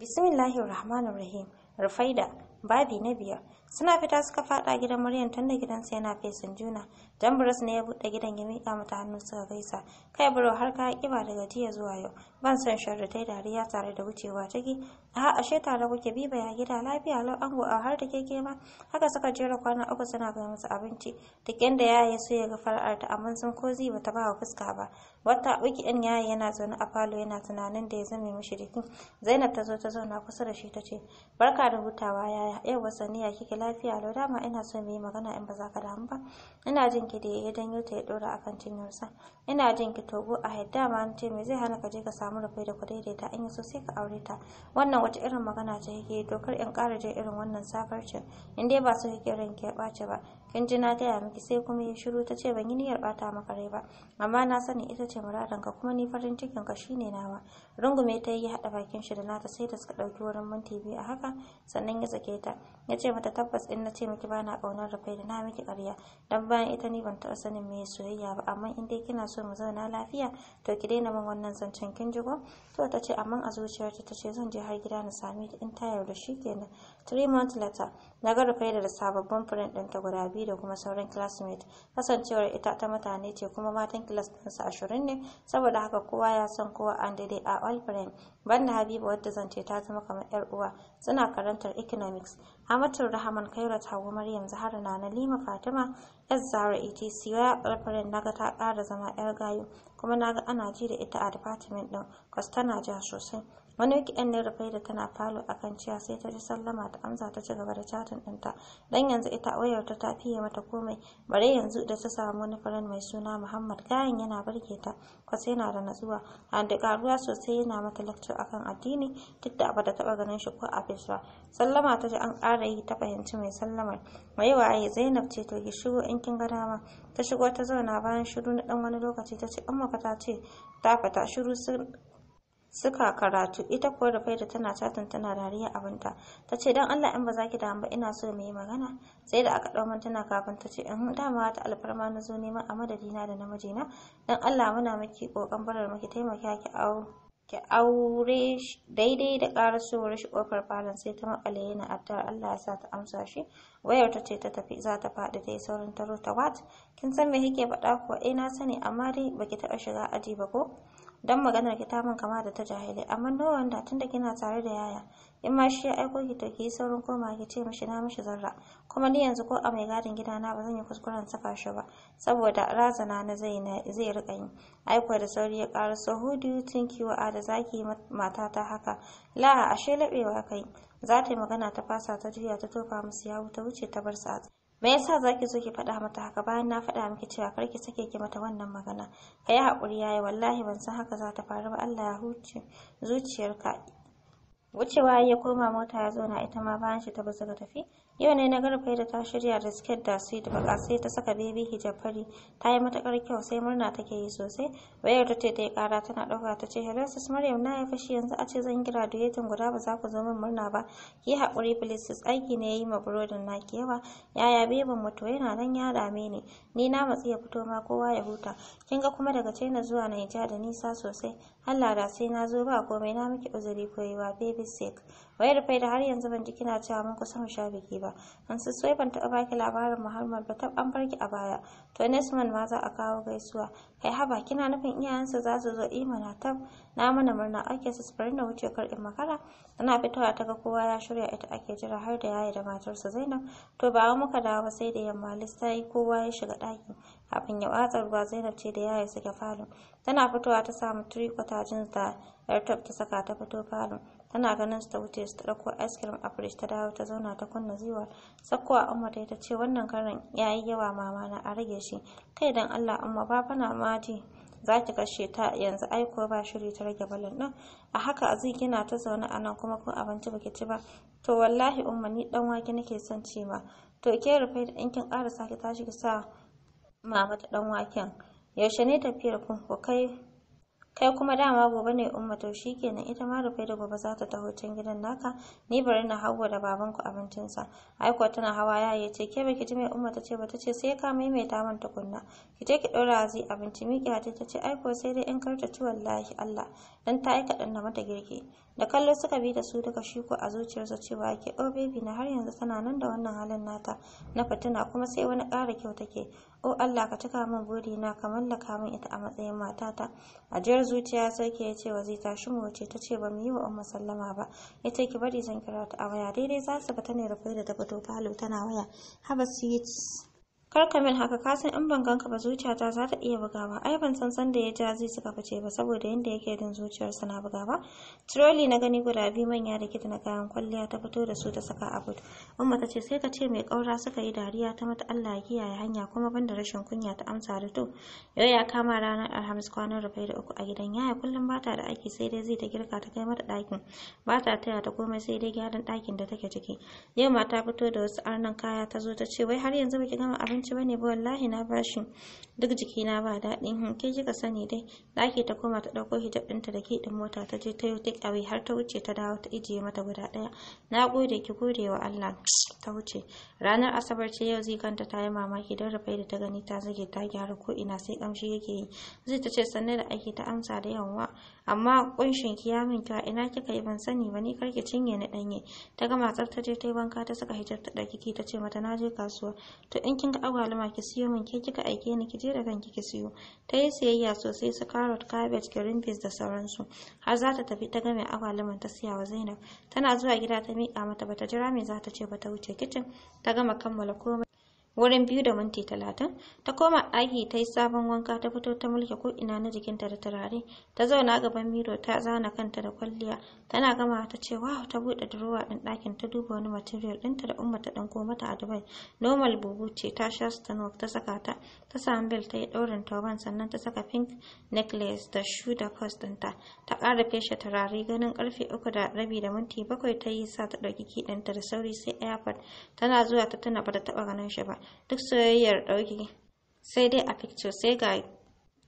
Bismillahir Rahmanir Rahim. Rufaida, babi na biyar. suna fita suka fada gidan muryan tunda gidansa yana fesin juna jan burus ne ya buɗe gidan ya miƙa mata hannu suka gaisa kai buro har ka kiba daga jiya zuwa yau ban san sharri tai dariya tare da wucewa ciki a ashe tare kuke bi ya gida lafiya lau ango a har da keke ma haka suka jera kwana uku suna ga musu abinci duk inda yaya ya so ya ga ta amma sun ko zai bata ba fuska ba wata wiki din yayi yana zaune a falo yana tunanin da ya zame mishi jiki zainab ta zo ta zauna kusa da shi ta ce barka da hutawa yaya yau wasaniya kike lafiya lau dama ina so mu yi magana in ba za ka damu ba ina jin ki da ya danyo ta ya dora akan cinyarsa ina jin ki togo a haidda ma ce me zai hana ka je ka samu rufe da da ta an yi so sai ka aure ta wannan wata irin magana ce kike to kar in ƙara je irin wannan safarcin in dai ba su kike ran ki ɓace ba kin ji na taya miki sai kuma ya shiru ta ce ban yi niyyar ɓata maka rai ba amma na sani ita ce muradin ka kuma ni farin cikin ka shine nawa rungume ta yi haɗa bakin shi da nata sai da suka ɗauki wurin minti biyu a haka sannan ya sake ta ya ce mata tabbas in na ce miki bana kaunar rufe da na miki ƙarya dan bayan ita ni ban taɓa sanin me soyayya ba amma in dai kina so so mu zauna lafiya to ki daina min wannan zancen kin ji ko to ta ce amma a zuciyarta ta ce zan je har gida na sami in ta yarda shi kenan Three months later, na ga da sababbin friend ɗinta guda biyu da kuma sauran classmate. Kasancewar ita ta mutane ce kuma matan class ɗinsa ashirin ne, saboda haka kowa ya san kowa an dade a all friend. Banda Habiba wadda zance ta zama kamar 'yar uwa, suna karantar economics. Amatul Rahman Kairat Hawa Maryam Zahara e na Nalima Fatima yar Zahra ETC ya alfarin naga ta kara zama yar gayu kuma naga ana ji da ita a department ɗin kwas tana ja sosai wani wikin ne rufai da tana falo akan ciya sai ta ji sallama ta amsa ta ci gaba da chatin ɗinta don yanzu ita wayar ta ta fiye mata komai bare yanzu da ta samu wani faran mai suna muhammad kayan yana barke ta kwasa yana da natsuwa a da karuwa sosai yana mata a akan addini duk da ba da taɓa ganin shi ko a ba sallama ta ji an ƙara yi ta fahimci mai sallamar mai waye zainab ce to ki shigo in kin ga dama ta shigo ta zauna bayan shiru na ɗan wani lokaci ta ce amma ta ce ta fata shiru sun suka karatu ita kuwa faida tana satin tana dariya abinta ta ce don allah in ba za ki damu ba ina so mu yi magana sai da aka ɗauman tana kafin ta ce in uhm, dama ta alfarma na zo neman a madadina da namijina don allah muna maki ƙoƙon barar maki taimaka ki aure ki aure daidai da karasowar shi kofar falon sai ta makale yana addu'ar Allah ya sa ta amsa shi wayar ta ce ta tafi za ta faɗi yi saurin taro ta wat kin san me kike faɗa kuwa eh na sani amma dai baki taɓa shiga aji ba ko don maganar ki ta min kama da ta jahili amma nawa wanda tunda kina tare da yaya in ma shi ya aiko ki to ki yi saurin koma ki ce mishi na mishi zarra kuma ni yanzu ko a mai gadin gidana ba zan yi kuskuren saka shi ba saboda razana na zai na zai rika yi aiko da sauri ya ƙara so who do you think you are da zaki mata ta haka la ashe labewa kai za ta yi magana ta fasa ta juya ta tofa musu ya wuta wuce ta bar sa me yasa zaki so ki faɗa mata haka bayan na faɗa miki cewa kar ki sake ki mata wannan magana ka yi haƙuri yayi wallahi ban san haka za ta faru ba Allah ya huce zuciyarka wucewa ya koma mota ya zauna ita ma bayan shi ta bazu ga tafi yau ne na garba da ta shirya da siket da su da baka sai ta saka bebi hijab fari ta yi matakar kyau sai murna take yi sosai wayar da ta yi kara tana dauka ta ce hello sis maryam na ya fashi yanzu a ce zan gira duyetin guda ba za ku zo min murna ba ki haƙuri please sis aiki ne yi ma burodin na naki yawa yaya beban mu yana nan ya dame ni ni na matsi ya fito ma kowa ya huta kin ga kuma daga China zuwa Niger da nisa sosai Allah da sai na zo ba komai na miki uzuri koyewa baby sick wai faida da har yanzu ban ji kina cewa mun kusa mu sha biki ba an su sai ban taɓa baki labarin muhammad ba taba an barki a baya to nesman ma za a kawo gaisuwa kai haba kina nufin iyayensa za su zo imana tab na mana murna ake su bari da wuce kar in makara ana fitowa ta ga kowa ya shirya ita ake jira har da yayi da matarsa zainab to ba muka dawo ba sai da yamma lissayi kowa ya shiga ɗaki kafin ya watsa ruwa zainab ce da yayi suke falon tana fitowa ta samu turiko ta jin da yar ta saka ta fito falon tana ganin su ta wuce su ta ɗauko ice cream a fridge ta dawo ta zauna ta kunna ziwa sakkowa umma ta ce wannan karin yayi yawa mama na a rage shi kai dan Allah umma baba na mati za ki kashe ta yanzu ai ko ba shiri ta rage balan din a haka azi kina ta zaune a nan kuma kun abinci baki ci ba to wallahi umma ni dan wake nake son ci ma to ke rufe da in kin ƙara sake tashi ki sa mama ta dan waken yaushe ne tafiyar ku ku kai kai kuma dama gobe ne umma to shikenan ita ma rufe da gobe za ta taho can gidan naka ni bari na hawo da baban babanku abincin sa aiko tana hawa yaye ce ke baki ji mai umma ta ce ba ta ce sai ka maimaita man tukunna ki je ki ɗora zai abinci miƙe ta ce aiko sai dai in karta ci wallahi Allah dan ta aika ɗan na mata girki da kallo suka bi da su daga shi ko a zuciyarsa cewa ke oh baby na har yanzu tana nan da wannan halin nata na fitina kuma sai wani ƙara kyau take oh Allah ka cika min buri na ka mallaka min ita a matsayin mata ta ajiyar zuciya sarki ya ce wa zai tashi mu wace ta ce ba mu yi wa umma sallama ba ya ce ki bari zan kira ta a waya daidai za su fita ne rufe da ta fito falo tana waya haba a kar ka min haka ka san in ban ganka ba zuciyata za ta iya bugawa ai ban san san da ya ja zai suka fice ba saboda yanda yake jin zuciyar sa na ba? trolley na gani guda biyu manya da kitna kayan kwalliya ta fito da su ta saka a bud ta ce sai ka ce mai kaura suka yi dariya ta mata Allah ya kiyaye hanya kuma banda rashin kunya ta amsa da to yau ya kama ranar alhamis kwanan rufe da uku a gidan yaya kullum bata da aiki sai dai zai ta girka ta kai mata ɗakin bata taya ta komai sai dai gyaran ɗakin da take ciki yau ma ta fito da wasu arnan kaya ta zo ta ce wai har yanzu baki gama abin ci bane ba wallahi na bashi duk jiki na ba daɗin hmm, ke kika sani dai ɗaki ta koma ta ɗauko hijab ɗinta da ke ɗin mota ta je ta yi take har ta wuce ta dawo ta ijiye mata guda ɗaya na gode ki gode wa Allah ta wuce ranar asabar ce yau zikanta ta yi mamaki don rufai da ta gani ta zage ta gyara ko ina sai kamshi yake yi zai ta ce sanne da aiki ta amsa da yawa amma kunshin ki ya min a ina kika yi ban sani ba ni kar ki cinye ni danye ta gama tsar ta je ta yi wanka ta saka hijab ta daki ki ta ce mata na je kasuwa to in kinga ga agwaluma ki siyo min ke kika aike ni ki je da kanki ki siyo ta yi siyayya sosai su carrot cabbage green peas da sauransu har za ta tafi ta game agwaluman ta siya wa Zainab tana zuwa gida ta miƙa mata bata jira me za ta ce ba ta wuce kicin ta gama kammala komai wurin biyu da minti talatin ta koma ɗaki ta yi sabon wanka ta fito ta mulki ko ina na jikinta da turare ta zauna gaban miro ta zana kanta da kwalliya tana gama ta ce wa ta bude durowa din ɗakin ta duba wani material ɗinta da umma ta ɗanko mata a dubai normal bubu ce ta sha stanok ta saka ta ta samu bel ta yi ɗaurin turban sannan ta saka pink necklace da shoe da purse ɗinta ta ƙara feshe turare ganin ƙarfe uku da rabi da minti bakwai ta yi sa ta ɗauki kiɗinta da sauri sai airport tana zuwa ta tuna ba ta taɓa ganin shi ba duk soyayyar ɗauki sai dai a picture sai ga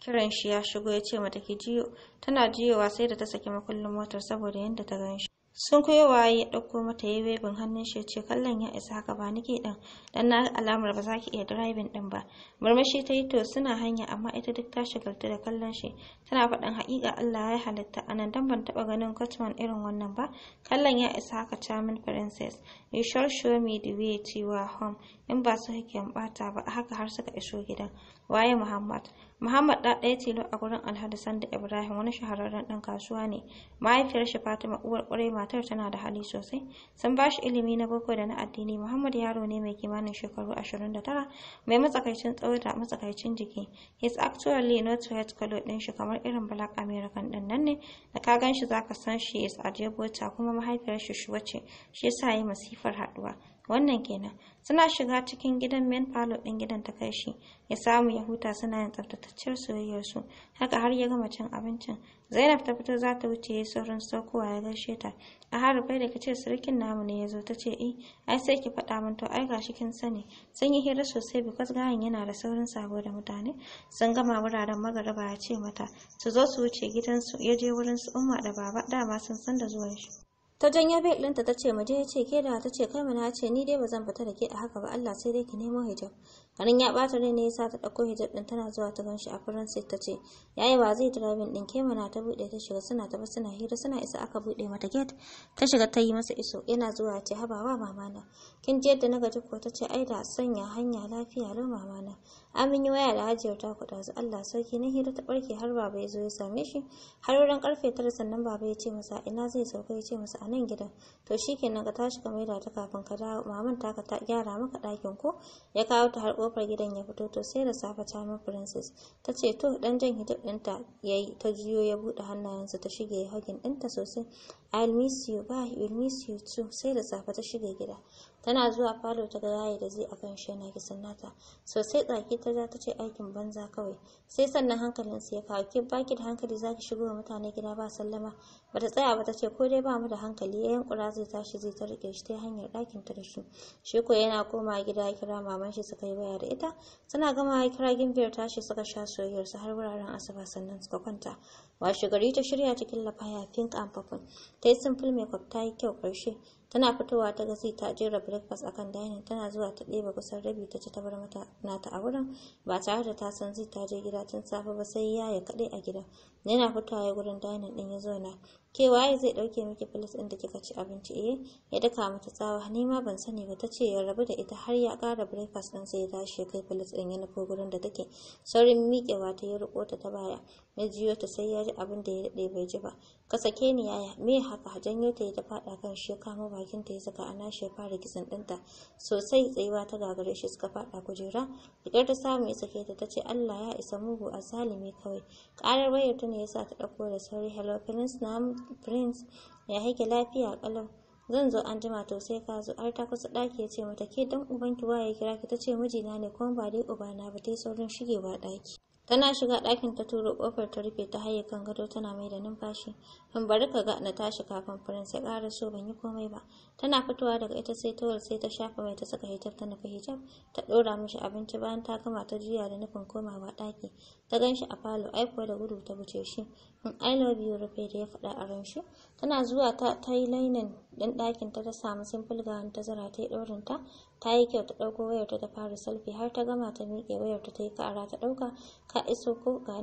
kiran shi ya shigo ya ce mata ki jiyo tana jiyowa sai da ta saki makullin motar saboda yadda ta ganshi. sun waye ya ɗauko mata ya webin hannun shi ce kallon ya isa haka ba nake ɗan dan na alamar ba za ki iya drivin ɗin ba murmushi ta yi to suna hanya amma ita duk ta shagaltu da kallon shi tana faɗin haƙiƙa Allah ya halitta a nan dan ban taɓa ganin kotman irin wannan ba kallon ya isa haka chairman Princess you shall show me the way to your home in ba su hake ɓata ba haka har suka iso gidan waye muhammad muhammad da ɗaya tilo a gurin alhaji sanda ibrahim wani shahararren ɗan kasuwa ne mahaifiyar shi fatima uwar ƙwarai matar tana da hali sosai sun ba shi ilimi na boko da na addini muhammad yaro ne mai kimanin shekaru ashirin da tara mai matsakaicin tsawo da matsakaicin jiki his actually not white color ɗin shi kamar irin black american ɗin nan ne da ka gan shi zaka san shi is a jebota kuma mahaifiyar shi shuwa ce shi yasa yi masifar haɗuwa wannan kenan suna shiga cikin gidan man palo din gidan ta kai shi ya samu ya huta suna yin tsaftataccen soyayyar su haka har ya gama cin abincin zainab ta fito za ta wuce ya saurin saukowa ya gaishe ta a bai da kace sirkin namu ne ya zo ta ce eh ai sai ki faɗa min to ai gashi kin sani sun yi hira sosai because gayan yana da saurin sabo da mutane sun gama wuraren magaraba ya ce mata su zo su wuce gidansu ya je wurin su umma da baba dama sun san da zuwan shi ta janya bai ɗinta ta ce mu ya ce ke da ta ce kai mana ce ni dai ba zan fita da ke a haka ba Allah sai dai ki nemo hijab garin ya bata rai ne sa ta ɗauko hijab ɗin tana zuwa ta ganshi a faransa ta ce yayi ba zai drive ɗin ke mana ta buɗe ta shiga suna ta suna hira suna isa aka buɗe mata gate ta shiga ta yi masa iso yana zuwa ce haba wa mamana kin ji yadda na gaji ko ta ce ai da sanya hanya lafiya lau mamana amin yi waya da hajiyar ta kuɗa su Allah sarki na hira ta ɓarke har baba ya zo ya same shi har wurin karfe tara sannan baba ya ce masa ina zai sauka ya ce masa a nan gidan to shikenan ka tashi ka maida ta kafin ka dawo maman ka ta gyara maka ɗakin ko ya kawo ta har kofar gidan ya fito to sai da safe ta ma princess ta ce to dan jan hijab ɗinta ya ta juyo ya buɗe hannayensa ta shige hagin ɗinta sosai i'll miss you bye will miss you too sai da safe ta shige gida tana zuwa falo ta ga yayi da zai a shi yana kisan nata sosai tsaki ta za ta ce aikin banza kawai sai sannan hankalin su ya kawo ki baki da hankali ki shigo wa mutane gida ba sallama bata tsaya ba ta ce ko dai ba mu da hankali 'Yan kura zai tashi zai ta rike shi ta hanyar ɗakin ta da shi shi ko yana koma gida ya kira maman shi suka yi waya da ita suna gama ya kira gimbiyar tashi suka sha soyayyar su har wuraren asuba sannan suka kwanta washe gari ta shirya ta lafaya faya pink and purple ta yi simple makeup ta yi kyau ƙarshe tana fitowa ta ga ta jera breakfast akan dining tana zuwa ta ɗeba kusan rabi ta ci ta bar mata nata a wurin ba tare da ta san zai ta je gida tun safe ba sai yaya kaɗai a gida yana fitowa ya gurin dining din ya zauna ke waye zai dauke miki plus din da kika ci abinci eh ya daka mata tsawa ni ma ban sani ba tace ya rabu da ita har ya kara breakfast din sai ya tashi kai plus din ya nufo gurin da take saurin miƙewa ta ya riko ta ta baya na jiyo ta sai ya ji abin da ya dade bai ji ba ka sake ni yaya me haka janyo ta ya ta fada kan shi kama bakin ta ya saka ana shi fara kitsan dinta sosai tsayuwa ta gagare shi suka fada kujera da ta samu ya sake ta tace Allah ya isa mugu a salimi kawai karar wayar ta ne ya sa ta ɗauko da sauri hello prince na prince ya haike lafiya kalau zan zo an jima to sai ka zo har ta kusa ɗaki ya ce mata ke dan ubanki waye kira ki ta ce mijina ne kuma ba dai ubana ba ta yi saurin shigewa ɗaki tana shiga ɗakin ta turo ƙofar ta rufe ta haye kan gado tana mai da numfashi ban bari ka ga na tashi kafin prince ya ƙara so ban yi komai ba tana fitowa daga ita sai ta sai ta shafa mai ta saka hijab ta nufi hijab ta ɗora mishi abinci bayan ta gama ta juya da nufin komawa ɗaki ta gan shi a falo aiko da gudu ta wuce shi in i love you rufe da ya faɗa a ran tana zuwa ta ta yi lainin ɗin ɗakin ta ta samu simple gown ta zara ta yi ɗorin ta ta yi kyau ta ɗauko wayar ta ta fara selfie har ta gama ta miƙe wayar ta ta yi kara ta ɗauka ka iso ko ga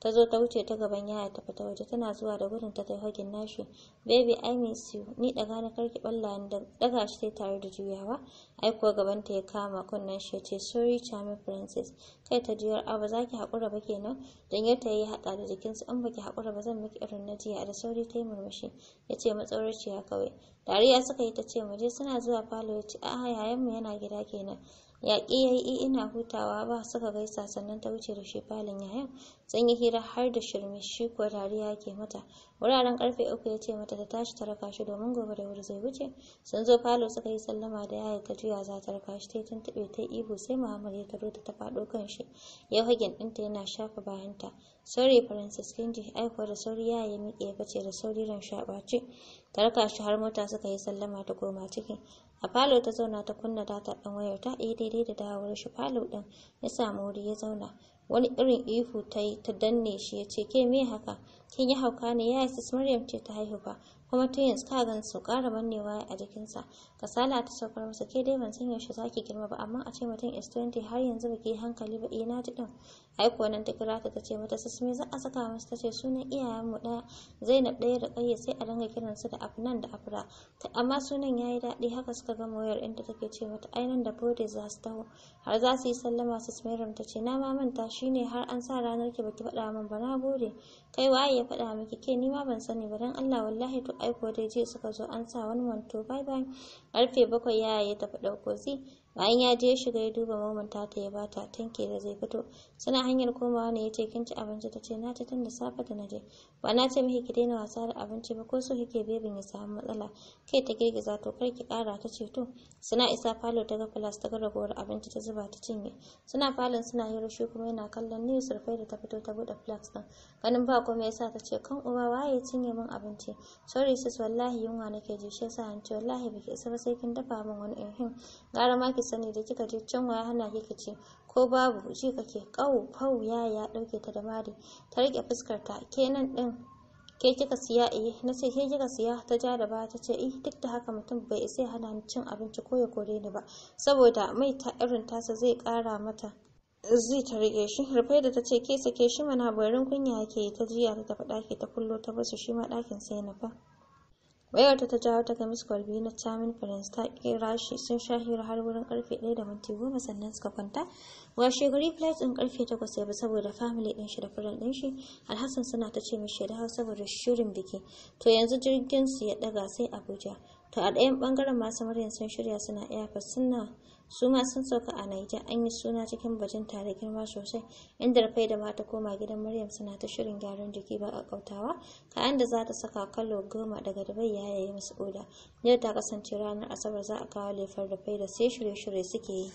ta zo ta wuce ta gaban yaya ta fita waje tana zuwa da gudun ta kai hagin nashi baby i miss you ni daga na karki balla ni daga shi sai tare da juyawa ai kuwa gaban ta ya kama kunnen shi ce sorry charming princess kai ta juyar a ba hakura ba kenan dan ta yi hada da jikin su in baki hakura ba zan miki irin na jiya da sauri ta yi murmushi yace matsauraciya kawai dariya suka yi ta ce muje suna zuwa falo ya ce a'a yayan mu yana gida kenan yaƙi ya yi ina hutawa ba suka gaisa sannan ta wuce da shi falin yayan sun yi hira har da shirme shi ko dariya ke mata wuraren karfe uku ya ce mata ta tashi ta raka shi domin gobe da wuri zai wuce sun zo falo suka yi sallama da yaya ta juya za ta raka shi ta tuntuɓe ta ihu sai muhammad ya taro ta ta faɗo kan shi ya hagen ɗinta yana shafa bayanta sauri Francis Kindi, aiko da sauri ya yi miƙe ya bace da sauri ran shaɓace. Ta raka shi har mota suka yi sallama ta koma ciki. A falo ta zauna ta kunna data ɗan wayar ta iya eh, daidai da dawowar shi falo ɗin ya samu wuri ya zauna. Wani irin ihu ta yi ta danne shi ya ce ke me haka kin yi hauka ne ya yi Maryam ce ta haihu ba kuma tun yanzu ka gan su ƙara mannewa a jikinsa. Kasala ta saukar masa ke dai ban san yaushe za ki girma ba amma a ce mutum is 20 har yanzu ba ki hankali ba eh na ji ɗin. aiko nan ta kira ta tace mata sis me za a saka musu tace sunan iyayen mu daya Zainab ɗaya da Qayya sai a dinga kiran su da Afnan da Afra amma sunan yayi daɗi haka suka gama wayar inda take ce mata ainihin da bode za su taho har za su yi sallama sis Maryam tace na ma manta shine har an sa ranar ki baki faɗa min ba na gode kai waye ya faɗa miki ke ni ma ban sani ba dan Allah wallahi to aiko dai je suka zo an sa wani manto bye bye karfe bakwai yaya ya tafi ɗauko si bayan ya je shiga ya duba maman tata ya bata tanke da zai fito suna hanyar komawa ne ya ce kin ci abinci ta ce na ci tun da safe da na je ba na ce miki ki daina wasa da abinci ba ko so kike bebin ya samu matsala kai ta girgiza to kar ki kara ta ce to suna isa falo ta ga plus ta ga ragowar abinci ta zuba ta cinye suna falon suna yi rushe kuma yana kallon ni surfai da ta fito ta bude plus din ganin ba komai yasa ta ce kan uba waye ya cinye min abinci sorry sis wallahi yunwa nake ji shi yasa an ce wallahi baki isa ba sai kin dafa min wani ehin gara ma ki sani da kika je? can waya hana kika ce ko babu ji kake kawo fau ya ya dauke ta da mari ta rike fuskar ta kenan din ke kika siya eh na ce ke kika siya ta ja da baya ta ce eh duk da haka mutum bai isa hana ni cin abinci ko ya kore ni ba saboda mai ta irin tasa zai kara mata zai ta rike shi rufai da ta ce ke sake shi mana barin kunya yake yi ta jiya ta tafi ɗaki ta kullo ta basu shi ma ɗakin sai na fa wayar ta jawo daga miss kwalbi na chairman prince ta kira shi sun sha hira har wurin karfe 1 da minti goma sannan suka kwanta washe gari flight din karfe 8 sai saboda family din shi da friend din shi alhassan suna ta ce mishi da saboda shirin biki to yanzu jirgin su ya daga sai abuja to a ɗayan bangaren masu muryan sun shirya suna airport suna suma sun sauka a Niger an yi suna cikin bajinta da girma sosai inda rufai da mata koma gidan Maryam suna ta shirin gyaran jiki ba a kautawa kayan da za ta saka kallo goma daga dabai ya yayi musu oda yau ta kasance ranar Asabar za a kawo lefar rufai da sai shirye-shirye suke yi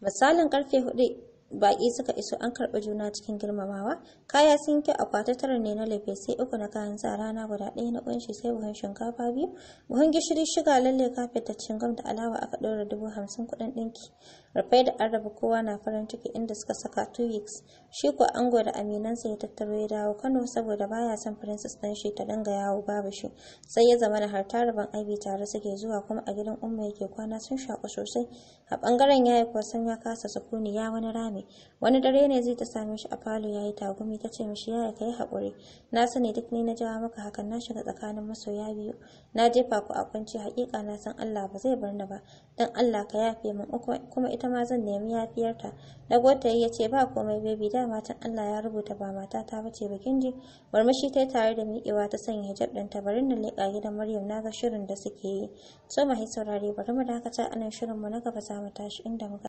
misalin karfe hudu baƙi suka iso an karɓi juna cikin girmamawa kaya sun kyau akwati tara ne na lefe sai uku na kayan sa rana guda ɗaya na ƙunshi sai buhun shinkafa biyu buhun gishiri shiga lalle kafet da cingam da alawa aka ɗora dubu hamsin kuɗin ɗinki Rufai da raba kowa na farin ciki inda suka saka two weeks. Shi ko ango da aminansa ya tattaro ya dawo Kano saboda baya son princess ɗin shi ta dinga yawo babu shi. Sai ya zama da har taraban Abi tare suke zuwa kuma a gidan Umma yake kwana sun shaku sosai. A bangaren yayi kuwa san ya kasa sukuni ya wani rame. Wani dare ne zai ta same shi a falo yayi tagumi ta ce mishi yaya kai haƙuri. Na sani duk ni na jawo maka hakan na shiga tsakanin masoya biyu. Na jefa ku a kwanci haƙiƙa na san Allah ba zai bar ni ba. dan Allah ka yafe min kuma ita ma zan nemi yafiyarta dagwata ya ce ba komai baby da matan Allah ya rubuta ba mata ta bace bakin ji murmushi ta tare da miƙewa ta sanya hijab ɗin ta barin na leƙa gidan Maryam naga shirin da suke yi so mai saurare bari mu dakata anan shirin mu na gaba za mu tashi inda muka